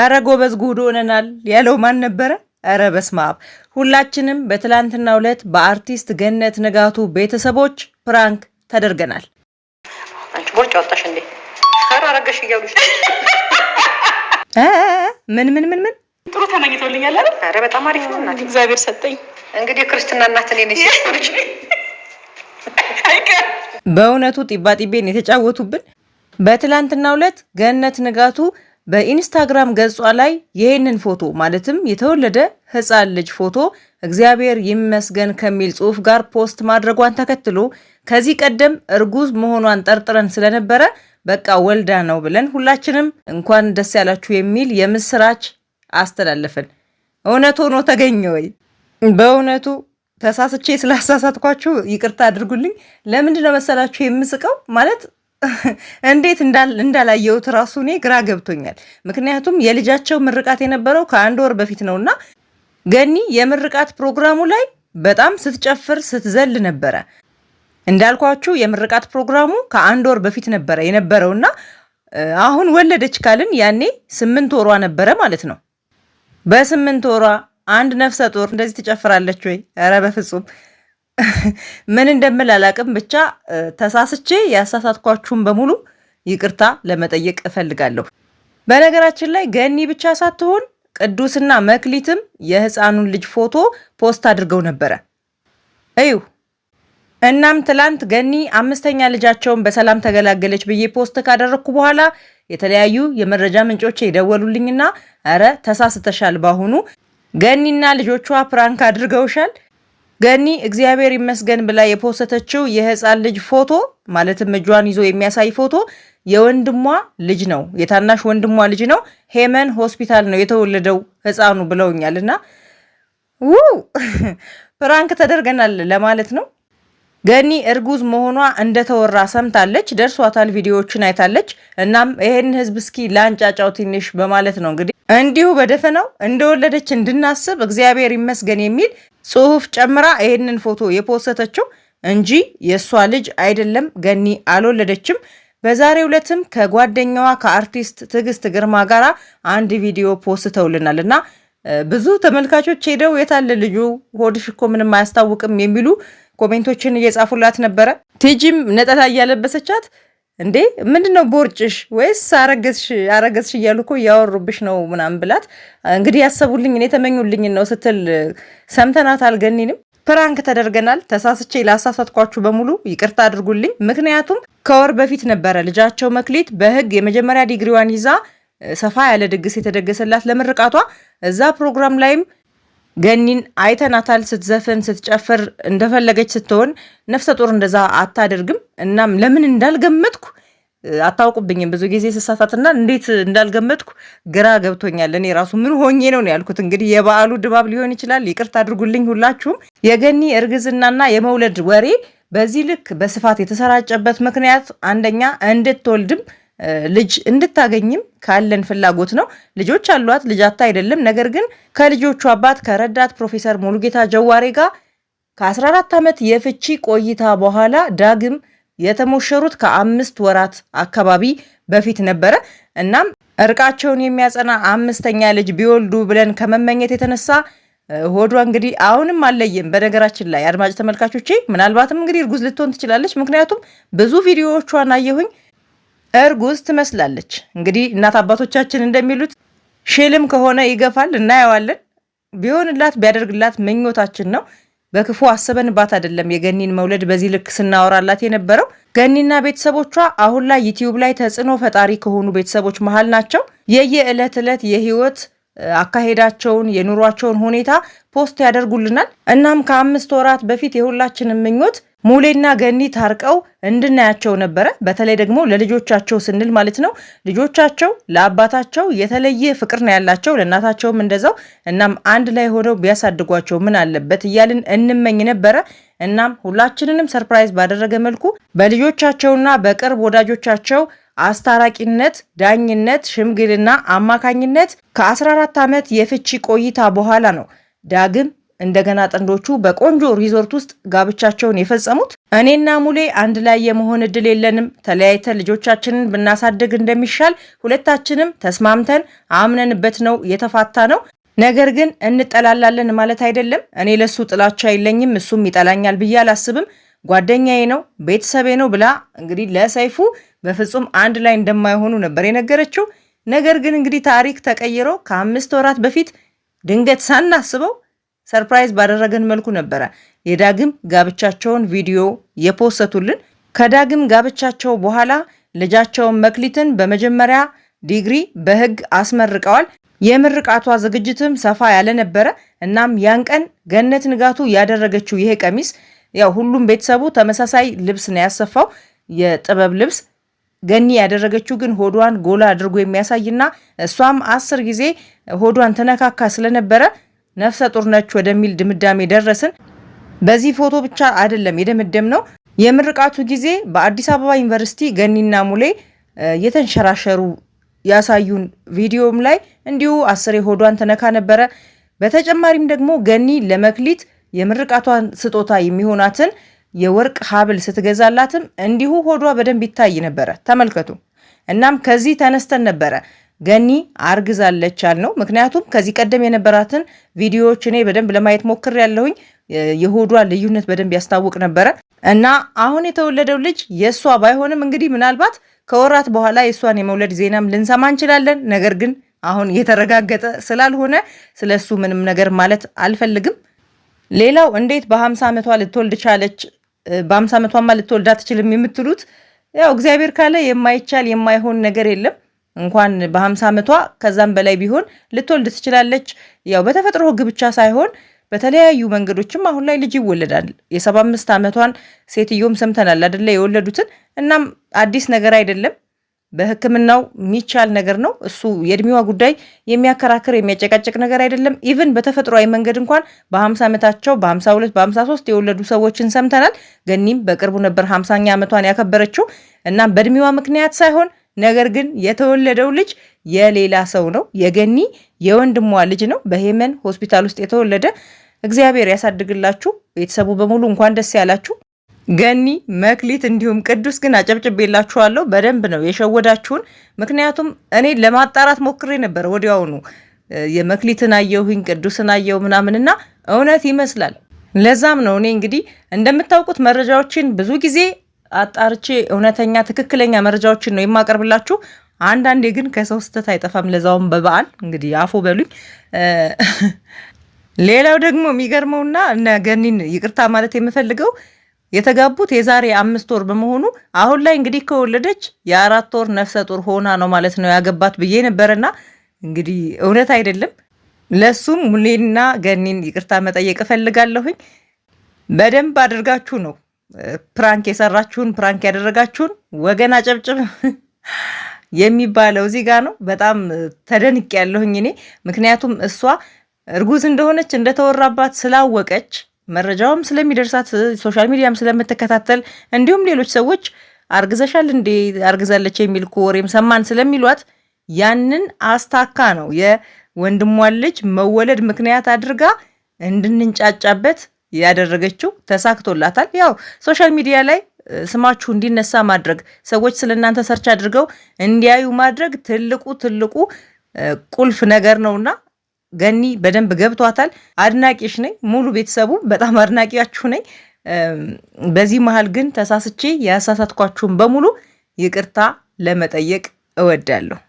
አረ ጎበዝ ጉድ ሆነናል ያለው ማን ነበረ? አረ በስመ አብ! ሁላችንም በትላንትና ዕለት በአርቲስት ገነት ንጋቱ ቤተሰቦች ፕራንክ ተደርገናል። አንቺ ቦርጭ ወጣሽ እንዴ? አረ አረገሽ እያሉሽ ምን ምን ምን ምን ጥሩ ተመኝቶልኛል አይደል? አረ በጣም አሪፍ ነው እናት እግዚአብሔር ሰጠኝ። እንግዲህ ክርስትና እናት እኔ ነኝ። በእውነቱ ጢባ ጢቤን የተጫወቱብን። በትላንትናው ዕለት ገነት ንጋቱ በኢንስታግራም ገጿ ላይ ይህንን ፎቶ ማለትም የተወለደ ህፃን ልጅ ፎቶ እግዚአብሔር ይመስገን ከሚል ጽሑፍ ጋር ፖስት ማድረጓን ተከትሎ ከዚህ ቀደም እርጉዝ መሆኗን ጠርጥረን ስለነበረ በቃ ወልዳ ነው ብለን ሁላችንም እንኳን ደስ ያላችሁ የሚል የምስራች አስተላለፍን። እውነት ሆኖ ተገኘ ወይ? በእውነቱ ተሳስቼ ስላሳሳትኳችሁ ይቅርታ አድርጉልኝ። ለምንድነው መሰላችሁ የምስቀው ማለት እንዴት እንዳላየሁት ራሱ እኔ ግራ ገብቶኛል። ምክንያቱም የልጃቸው ምርቃት የነበረው ከአንድ ወር በፊት ነውና ገኒ የምርቃት ፕሮግራሙ ላይ በጣም ስትጨፍር ስትዘል ነበረ። እንዳልኳችሁ የምርቃት ፕሮግራሙ ከአንድ ወር በፊት ነበረ የነበረውና አሁን ወለደች ካልን ያኔ ስምንት ወሯ ነበረ ማለት ነው። በስምንት ወሯ አንድ ነፍሰ ጡር እንደዚህ ትጨፍራለች ወይ? ኧረ በፍጹም ምን እንደምል አላውቅም። ብቻ ተሳስቼ ያሳሳትኳችሁን በሙሉ ይቅርታ ለመጠየቅ እፈልጋለሁ። በነገራችን ላይ ገኒ ብቻ ሳትሆን ቅዱስና መክሊትም የህፃኑን ልጅ ፎቶ ፖስት አድርገው ነበረ እዩ። እናም ትላንት ገኒ አምስተኛ ልጃቸውን በሰላም ተገላገለች ብዬ ፖስት ካደረግኩ በኋላ የተለያዩ የመረጃ ምንጮች የደወሉልኝና ኧረ ተሳስተሻል፣ በአሁኑ ገኒና ልጆቿ ፕራንክ አድርገውሻል ገኒ እግዚአብሔር ይመስገን ብላ የፖሰተችው የህፃን ልጅ ፎቶ ማለትም እጇን ይዞ የሚያሳይ ፎቶ የወንድሟ ልጅ ነው፣ የታናሽ ወንድሟ ልጅ ነው። ሄመን ሆስፒታል ነው የተወለደው ህፃኑ ብለውኛል። እና ውው ፕራንክ ተደርገናል ለማለት ነው። ገኒ እርጉዝ መሆኗ እንደተወራ ሰምታለች፣ ደርሷታል፣ ቪዲዮዎችን አይታለች። እናም ይሄን ህዝብ እስኪ ላንጫጫው ትንሽ በማለት ነው እንግዲህ እንዲሁ በደፈናው እንደወለደች እንድናስብ እግዚአብሔር ይመስገን የሚል ጽሑፍ ጨምራ ይህንን ፎቶ የፖሰተችው እንጂ የእሷ ልጅ አይደለም፣ ገኒ አልወለደችም። በዛሬ ዕለትም ከጓደኛዋ ከአርቲስት ትዕግስት ግርማ ጋር አንድ ቪዲዮ ፖስተውልናል እና ብዙ ተመልካቾች ሄደው የታለ ልጁ ሆድሽ እኮ ምንም አያስታውቅም የሚሉ ኮሜንቶችን እየጻፉላት ነበረ። ቲጂም ነጠላ እያለበሰቻት እንዴ ምንድን ነው ቦርጭሽ? ወይስ አረገዝሽ አረገዝሽ እያሉ እኮ እያወሩብሽ ነው ምናምን ብላት እንግዲህ ያሰቡልኝ እኔ ተመኙልኝ ነው ስትል ሰምተናት አልገኒንም። ፕራንክ ተደርገናል። ተሳስቼ ላሳሳትኳችሁ በሙሉ ይቅርታ አድርጉልኝ። ምክንያቱም ከወር በፊት ነበረ ልጃቸው መክሊት በህግ የመጀመሪያ ዲግሪዋን ይዛ ሰፋ ያለ ድግስ የተደገሰላት ለምርቃቷ። እዛ ፕሮግራም ላይም ገኒን አይተናታል ስትዘፍን ስትጨፍር እንደፈለገች ስትሆን ነፍሰ ጡር እንደዛ አታደርግም። እናም ለምን እንዳልገመትኩ አታውቁብኝም። ብዙ ጊዜ ስሳሳትና እንዴት እንዳልገመትኩ ግራ ገብቶኛል። እኔ ራሱ ምን ሆኜ ነው ያልኩት። እንግዲህ የበዓሉ ድባብ ሊሆን ይችላል። ይቅርታ አድርጉልኝ ሁላችሁም። የገኒ እርግዝናና የመውለድ ወሬ በዚህ ልክ በስፋት የተሰራጨበት ምክንያት አንደኛ እንድትወልድም ልጅ እንድታገኝም ካለን ፍላጎት ነው። ልጆች አሏት፣ ልጃታ አይደለም። ነገር ግን ከልጆቹ አባት ከረዳት ፕሮፌሰር ሙሉጌታ ጀዋሬ ጋር ከ14 ዓመት የፍቺ ቆይታ በኋላ ዳግም የተሞሸሩት ከአምስት ወራት አካባቢ በፊት ነበረ። እናም እርቃቸውን የሚያጸና አምስተኛ ልጅ ቢወልዱ ብለን ከመመኘት የተነሳ ሆዷ እንግዲህ አሁንም አለየም። በነገራችን ላይ አድማጭ ተመልካቾቼ፣ ምናልባትም እንግዲህ እርጉዝ ልትሆን ትችላለች። ምክንያቱም ብዙ ቪዲዮዎቿን አየሁኝ። እርጉዝ ትመስላለች። እንግዲህ እናት አባቶቻችን እንደሚሉት ሽልም ከሆነ ይገፋል፣ እናየዋለን። ቢሆንላት ቢያደርግላት ምኞታችን ነው። በክፉ አስበንባት አይደለም የገኒን መውለድ በዚህ ልክ ስናወራላት የነበረው። ገኒና ቤተሰቦቿ አሁን ላይ ዩቲዩብ ላይ ተጽዕኖ ፈጣሪ ከሆኑ ቤተሰቦች መሀል ናቸው። የየዕለት ዕለት የህይወት አካሄዳቸውን የኑሯቸውን ሁኔታ ፖስት ያደርጉልናል። እናም ከአምስት ወራት በፊት የሁላችንም ምኞት ሙሌና ገኒ ታርቀው እንድናያቸው ነበረ። በተለይ ደግሞ ለልጆቻቸው ስንል ማለት ነው። ልጆቻቸው ለአባታቸው የተለየ ፍቅር ነው ያላቸው፣ ለእናታቸውም እንደዛው። እናም አንድ ላይ ሆነው ቢያሳድጓቸው ምን አለበት እያልን እንመኝ ነበረ። እናም ሁላችንንም ሰርፕራይዝ ባደረገ መልኩ በልጆቻቸውና በቅርብ ወዳጆቻቸው አስታራቂነት፣ ዳኝነት፣ ሽምግልና፣ አማካኝነት ከ14 ዓመት የፍቺ ቆይታ በኋላ ነው ዳግም እንደገና ጥንዶቹ በቆንጆ ሪዞርት ውስጥ ጋብቻቸውን የፈጸሙት። እኔና ሙሌ አንድ ላይ የመሆን እድል የለንም፣ ተለያይተን ልጆቻችንን ብናሳድግ እንደሚሻል ሁለታችንም ተስማምተን አምነንበት ነው የተፋታ ነው። ነገር ግን እንጠላላለን ማለት አይደለም። እኔ ለሱ ጥላቻ የለኝም፣ እሱም ይጠላኛል ብዬ አላስብም። ጓደኛዬ ነው፣ ቤተሰቤ ነው ብላ እንግዲህ ለሰይፉ በፍጹም አንድ ላይ እንደማይሆኑ ነበር የነገረችው። ነገር ግን እንግዲህ ታሪክ ተቀይሮ ከአምስት ወራት በፊት ድንገት ሳናስበው ሰርፕራይዝ ባደረገን መልኩ ነበረ የዳግም ጋብቻቸውን ቪዲዮ የፖሰቱልን። ከዳግም ጋብቻቸው በኋላ ልጃቸውን መክሊትን በመጀመሪያ ዲግሪ በሕግ አስመርቀዋል። የምርቃቷ ዝግጅትም ሰፋ ያለ ነበረ። እናም ያን ቀን ገነት ንጋቱ ያደረገችው ይሄ ቀሚስ ያው ሁሉም ቤተሰቡ ተመሳሳይ ልብስ ነው ያሰፋው የጥበብ ልብስ ገኒ ያደረገችው ግን ሆዷን ጎላ አድርጎ የሚያሳይና እሷም አስር ጊዜ ሆዷን ተነካካ ስለነበረ ነፍሰ ጡር ነች ወደሚል ድምዳሜ ደረስን። በዚህ ፎቶ ብቻ አይደለም የደመደም ነው። የምርቃቱ ጊዜ በአዲስ አበባ ዩኒቨርሲቲ ገኒና ሙሌ የተንሸራሸሩ ያሳዩን ቪዲዮም ላይ እንዲሁ አስሬ ሆዷን ተነካ ነበረ። በተጨማሪም ደግሞ ገኒ ለመክሊት የምርቃቷን ስጦታ የሚሆናትን የወርቅ ሀብል ስትገዛላትም እንዲሁ ሆዷ በደንብ ይታይ ነበረ። ተመልከቱ። እናም ከዚህ ተነስተን ነበረ ገኒ አርግዛለች ያልነው። ምክንያቱም ከዚህ ቀደም የነበራትን ቪዲዮዎች እኔ በደንብ ለማየት ሞክር ያለሁኝ የሆዷ ልዩነት በደንብ ያስታውቅ ነበረ እና አሁን የተወለደው ልጅ የእሷ ባይሆንም እንግዲህ ምናልባት ከወራት በኋላ የእሷን የመውለድ ዜናም ልንሰማ እንችላለን። ነገር ግን አሁን የተረጋገጠ ስላልሆነ ስለ እሱ ምንም ነገር ማለት አልፈልግም። ሌላው እንዴት በ50 ዓመቷ ልትወልድ ቻለች በአምሳ ዓመቷማ ልትወልድ አትችልም የምትሉት ያው እግዚአብሔር ካለ የማይቻል የማይሆን ነገር የለም። እንኳን በሀምሳ ዓመቷ ከዛም በላይ ቢሆን ልትወልድ ትችላለች። ያው በተፈጥሮ ሕግ ብቻ ሳይሆን በተለያዩ መንገዶችም አሁን ላይ ልጅ ይወለዳል። የሰባ አምስት ዓመቷን ሴትዮም ሰምተናል አደለ የወለዱትን። እናም አዲስ ነገር አይደለም። በህክምናው የሚቻል ነገር ነው። እሱ የእድሜዋ ጉዳይ የሚያከራክር የሚያጨቃጭቅ ነገር አይደለም። ኢቭን በተፈጥሯዊ መንገድ እንኳን በ50 ዓመታቸው በ52 በ53 የወለዱ ሰዎችን ሰምተናል። ገኒም በቅርቡ ነበር 50ኛ ዓመቷን ያከበረችው እና በእድሜዋ ምክንያት ሳይሆን ነገር ግን የተወለደው ልጅ የሌላ ሰው ነው። የገኒ የወንድሟ ልጅ ነው። በሄመን ሆስፒታል ውስጥ የተወለደ እግዚአብሔር ያሳድግላችሁ። ቤተሰቡ በሙሉ እንኳን ደስ ያላችሁ። ገኒ መክሊት እንዲሁም ቅዱስ ግን አጨብጭቤላችኋለሁ። በደንብ ነው የሸወዳችሁን። ምክንያቱም እኔ ለማጣራት ሞክሬ ነበር ወዲያውኑ የመክሊትን አየሁኝ ቅዱስን አየሁ ምናምንና እውነት ይመስላል። ለዛም ነው እኔ እንግዲህ እንደምታውቁት መረጃዎችን ብዙ ጊዜ አጣርቼ እውነተኛ ትክክለኛ መረጃዎችን ነው የማቀርብላችሁ። አንዳንዴ ግን ከሰው ስህተት አይጠፋም። ለዛውም በበዓል እንግዲህ አፎ በሉኝ። ሌላው ደግሞ የሚገርመውና እነ ገኒን ይቅርታ ማለት የምፈልገው የተጋቡት የዛሬ አምስት ወር በመሆኑ አሁን ላይ እንግዲህ ከወለደች የአራት ወር ነፍሰ ጡር ሆና ነው ማለት ነው ያገባት ብዬ ነበረና እንግዲህ እውነት አይደለም። ለሱም ሙሌንና ገኒን ይቅርታ መጠየቅ እፈልጋለሁኝ። በደንብ አድርጋችሁ ነው ፕራንክ የሰራችሁን ፕራንክ ያደረጋችሁን ወገን አጨብጭብ የሚባለው እዚህ ጋር ነው። በጣም ተደንቅ ያለሁኝ እኔ ምክንያቱም እሷ እርጉዝ እንደሆነች እንደተወራባት ስላወቀች መረጃውም ስለሚደርሳት ሶሻል ሚዲያም ስለምትከታተል እንዲሁም ሌሎች ሰዎች አርግዘሻል እንዴ አርግዛለች የሚል ወሬም ሰማን ስለሚሏት ያንን አስታካ ነው የወንድሟን ልጅ መወለድ ምክንያት አድርጋ እንድንንጫጫበት ያደረገችው። ተሳክቶላታል። ያው ሶሻል ሚዲያ ላይ ስማችሁ እንዲነሳ ማድረግ፣ ሰዎች ስለ እናንተ ሰርች አድርገው እንዲያዩ ማድረግ ትልቁ ትልቁ ቁልፍ ነገር ነውና ገኒ በደንብ ገብቷታል። አድናቂሽ ነኝ፣ ሙሉ ቤተሰቡ በጣም አድናቂያችሁ ነኝ። በዚህ መሀል ግን ተሳስቼ ያሳሳትኳችሁን በሙሉ ይቅርታ ለመጠየቅ እወዳለሁ።